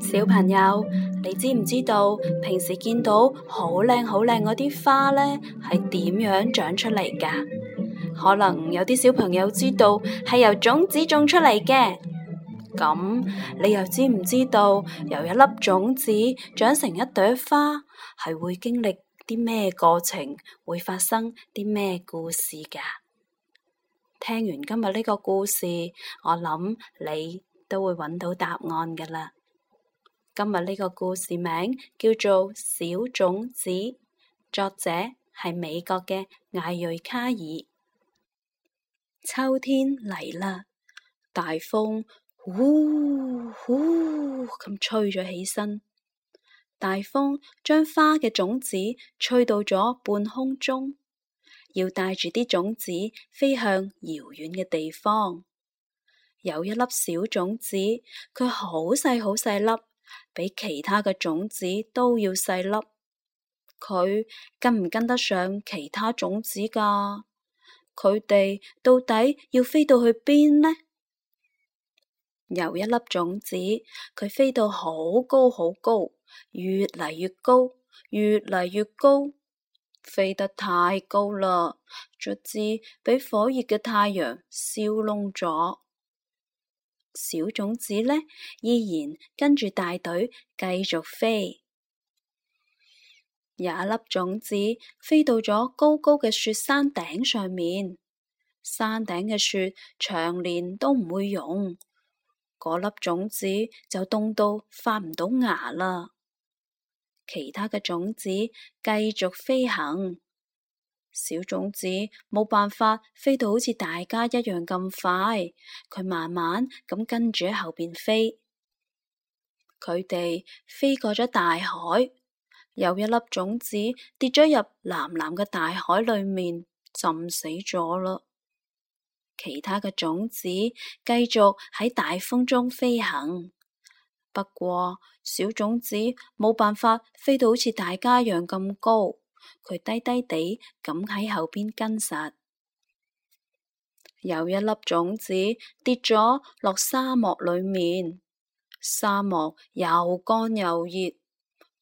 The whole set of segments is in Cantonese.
小朋友，你知唔知道平時見到好靚好靚嗰啲花咧，係點樣長出嚟噶？可能有啲小朋友知道係由種子種出嚟嘅。咁你又知唔知道由一粒種子長成一朵花，係會經歷啲咩過程？會發生啲咩故事噶？聽完今日呢個故事，我諗你都會揾到答案噶啦。今日呢個故事名叫做《小種子》，作者係美國嘅艾瑞卡爾。秋天嚟啦，大風呼呼咁吹咗起身，大風將花嘅種子吹到咗半空中，要帶住啲種子飛向遙遠嘅地方。有一粒小種子，佢好細好細粒。比其他嘅種子都要細粒，佢跟唔跟得上其他種子㗎？佢哋到底要飛到去邊呢？有一粒種子，佢飛到好高好高，越嚟越高，越嚟越，越，越高，飛得太高啦，卒至俾火熱嘅太陽燒燶咗。小種子呢，依然跟住大隊繼續飛，有一粒種子飛到咗高高嘅雪山頂上面，山頂嘅雪長年都唔會融，嗰粒種子就凍到發唔到芽啦。其他嘅種子繼續飛行。小種子冇辦法飛到好似大家一樣咁快，佢慢慢咁跟住喺後邊飛。佢哋飛過咗大海，有一粒種子跌咗入藍藍嘅大海裏面，浸死咗啦。其他嘅種子繼續喺大風中飛行，不過小種子冇辦法飛到好似大家一樣咁高。佢低低地咁喺後邊跟實，有一粒種子跌咗落沙漠裏面，沙漠又乾又熱，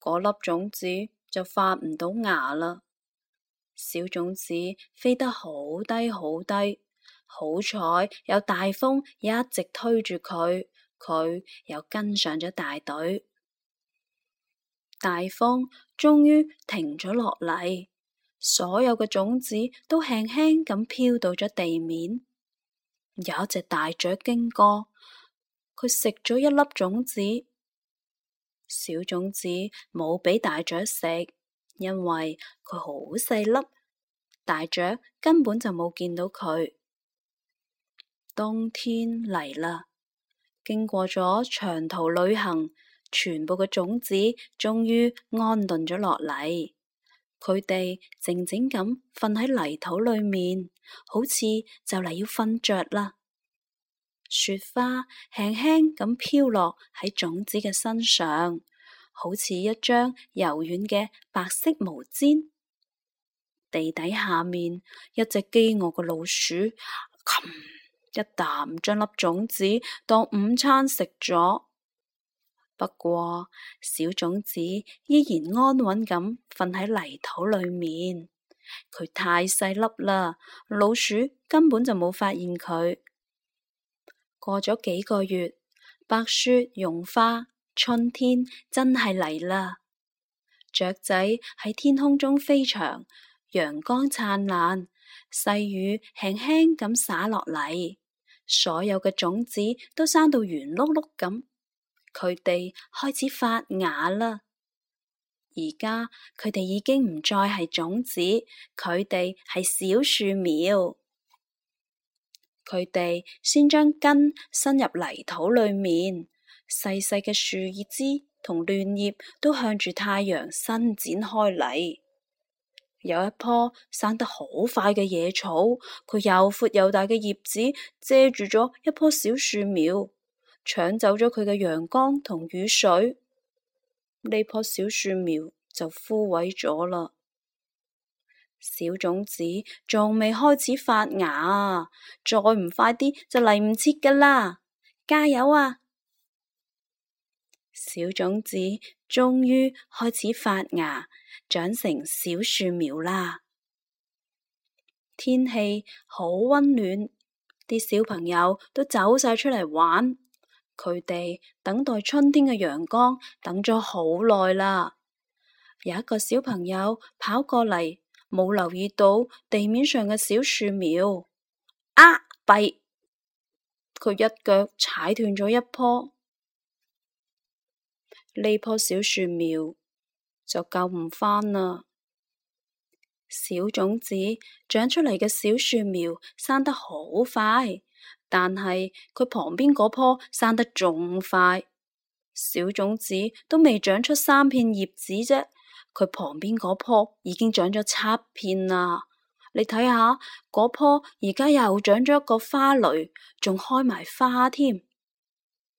嗰粒種子就發唔到芽啦。小種子飛得好低好低，好彩有大風一直推住佢，佢又跟上咗大隊。大風終於停咗落嚟，所有嘅種子都輕輕咁飄到咗地面。有一隻大雀經過，佢食咗一粒種子。小種子冇俾大雀食，因為佢好細粒，大雀根本就冇見到佢。冬天嚟啦，經過咗長途旅行。全部嘅種子終於安頓咗落嚟，佢哋靜靜咁瞓喺泥土裏面，好似就嚟要瞓着啦。雪花輕輕咁飄落喺種子嘅身上，好似一張柔軟嘅白色毛氈。地底下面，一隻飢餓嘅老鼠，一啖將粒種子當午餐食咗。不過，小種子依然安穩咁瞓喺泥土裏面。佢太細粒啦，老鼠根本就冇發現佢。過咗幾個月，白雪溶化，春天真係嚟啦。雀仔喺天空中飛翔，陽光燦爛，細雨輕輕咁灑落嚟，所有嘅種子都生到圓碌碌咁。佢哋開始發芽啦，而家佢哋已經唔再係種子，佢哋係小樹苗。佢哋先將根伸入泥土裏面，細細嘅樹枝同嫩葉都向住太陽伸展開嚟。有一棵生得好快嘅野草，佢又闊又大嘅葉子遮住咗一棵小樹苗。搶走咗佢嘅陽光同雨水，呢棵小樹苗就枯萎咗啦。小種子仲未開始發芽啊，再唔快啲就嚟唔切㗎啦！加油啊！小種子終於開始發芽，長成小樹苗啦。天氣好溫暖，啲小朋友都走晒出嚟玩。佢哋等待春天嘅陽光，等咗好耐啦。有一個小朋友跑過嚟，冇留意到地面上嘅小樹苗，啊！弊！佢一腳踩斷咗一棵，呢棵小樹苗就救唔返啦。小種子長出嚟嘅小樹苗生得好快。但係佢旁邊嗰棵生得仲快，小種子都未長出三片葉子啫。佢旁邊嗰棵已經長咗七片啦。你睇下，嗰棵而家又長咗一個花蕾，仲開埋花添。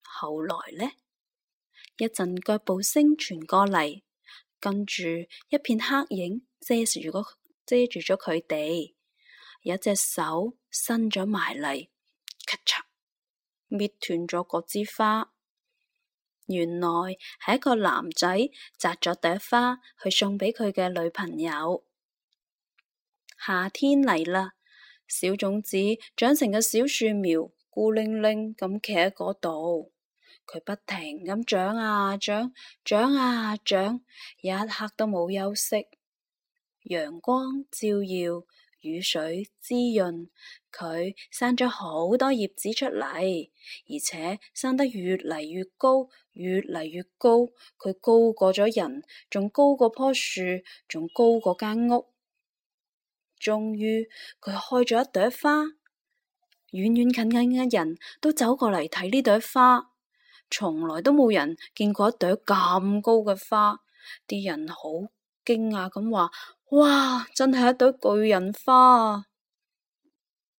後來呢？一陣腳步聲傳過嚟，跟住一片黑影遮住咗遮住咗佢哋，有隻手伸咗埋嚟。咔嚓，滅斷咗嗰支花。原來係一個男仔摘咗朵花去送俾佢嘅女朋友。夏天嚟啦，小種子長成個小樹苗，孤零零咁企喺嗰度，佢不停咁長啊長，長，啊啊，長啊，長，一刻都冇休息。陽光照耀。雨水滋潤佢，生咗好多葉子出嚟，而且生得越嚟越高，越嚟越高。佢高過咗人，仲高過棵樹，仲高過間屋。終於，佢開咗一朵花。遠遠近近嘅人都走過嚟睇呢朵花，從來都冇人見過一朵咁高嘅花。啲人好驚訝咁話。哇！真係一朵巨人花啊！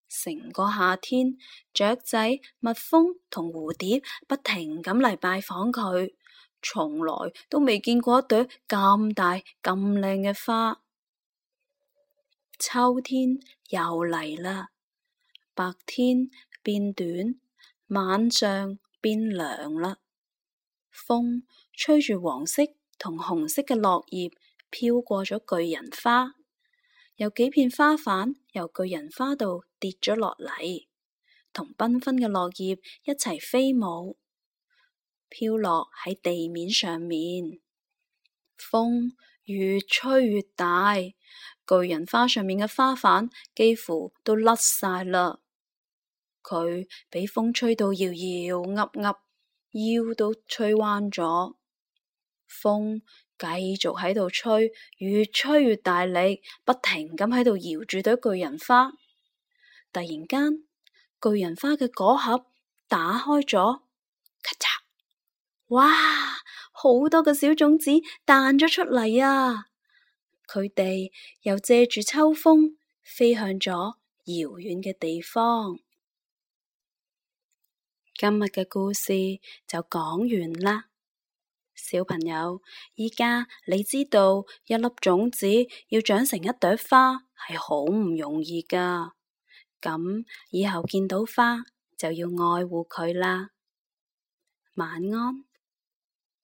成個夏天，雀仔、蜜蜂同蝴蝶不停咁嚟拜訪佢，從來都未見過一朵咁大、咁靚嘅花。秋天又嚟啦，白天變短，晚上變涼啦，風吹住黃色同紅色嘅落葉飄過咗巨人花，有幾片花瓣由巨人花度跌咗落嚟，同繽紛嘅落葉一齊飛舞，飄落喺地面上面。風越吹越大，巨人花上面嘅花瓣幾乎都甩晒嘞。佢俾風吹到搖搖岌岌，腰都吹彎咗。風。繼續喺度吹，越吹越大力，不停咁喺度搖住朵巨人花。突然間，巨人花嘅果盒打開咗，咔嚓！哇，好多嘅小種子彈咗出嚟啊！佢哋又借住秋風，飛向咗遙遠嘅地方。今日嘅故事就講完啦。小朋友，依家你知道一粒種子要長成一朵花係好唔容易噶，咁以後見到花就要愛護佢啦。晚安。